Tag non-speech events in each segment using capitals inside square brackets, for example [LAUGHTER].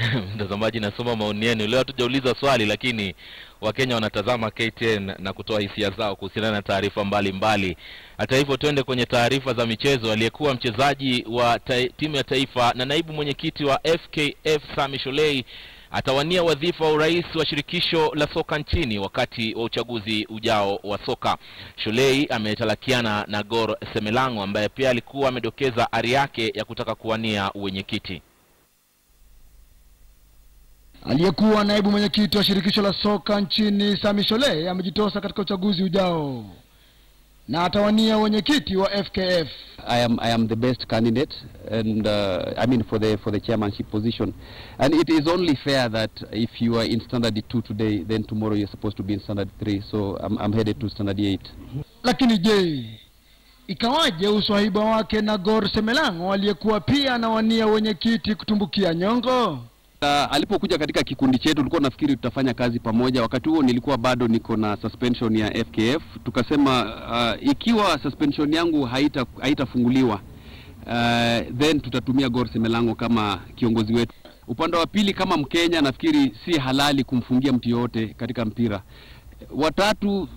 [LAUGHS] Mtazamaji, nasoma maoni yenu. Leo hatujauliza swali, lakini Wakenya wanatazama KTN na kutoa hisia zao kuhusiana na taarifa mbalimbali. Hata hivyo, twende kwenye taarifa za michezo. Aliyekuwa mchezaji wa timu ya taifa na naibu mwenyekiti wa FKF Sami sholei atawania wadhifa wa urais wa shirikisho la soka nchini wakati wa uchaguzi ujao wa soka. Shulei ametalakiana na Gor Semelango ambaye pia alikuwa amedokeza ari yake ya kutaka kuwania uwenyekiti. Aliyekuwa naibu mwenyekiti wa shirikisho la soka nchini Sami Shole amejitosa katika uchaguzi ujao na atawania wenyekiti wa FKF. I am, I am the best candidate and uh, I mean for the, for the chairmanship position and it is only fair that if you are in standard 2 today then tomorrow you're supposed to be in standard 3 so I'm, I'm headed to standard 8. Lakini je, ikawaje uswahiba wake na Gor Semelang aliyekuwa pia anawania wenyekiti kutumbukia nyongo? Uh, alipokuja katika kikundi chetu tulikuwa nafikiri tutafanya kazi pamoja. Wakati huo nilikuwa bado niko na suspension ya FKF. Tukasema uh, ikiwa suspension yangu haita haitafunguliwa uh, then tutatumia Gor Semelango kama kiongozi wetu. Upande wa pili, kama Mkenya nafikiri si halali kumfungia mtu yoyote katika mpira. Watatu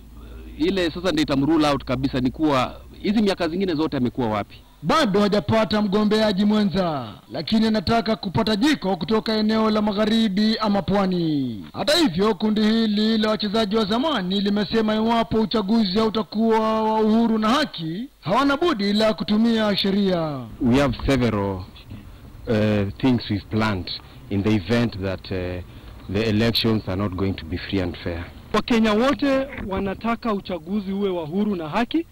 ile sasa ndio itamrule out kabisa, ni kuwa hizi miaka zingine zote amekuwa wapi? bado hajapata mgombeaji mwenza, lakini anataka kupata jiko kutoka eneo la magharibi ama pwani. Hata hivyo, kundi hili la wachezaji wa zamani limesema iwapo uchaguzi hautakuwa wa uhuru na haki, hawana budi la kutumia sheria. We have several uh, things we've planned in the event that uh, the elections are not going to be free and fair. Wakenya wote wanataka uchaguzi uwe wa huru na haki.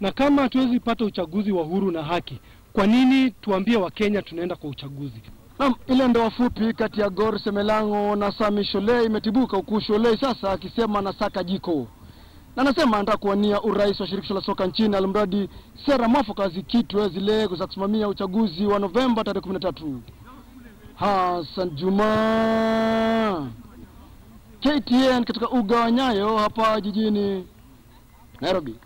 Na kama hatuwezi pata uchaguzi wa huru na haki, kwa nini tuambie Wakenya tunaenda kwa uchaguzi? Naam, ile ndoa fupi kati ya Gor Semelango na Sami Shole imetibuka huku Shole sasa akisema anasaka jiko na anasema anataka kuwania urais wa shirikisho la soka nchini, alimradi sera mwafaka zikitwe zile za kusimamia uchaguzi wa Novemba tarehe 13. Hassan Juma, KTN katika uga wa Nyayo hapa jijini Nairobi.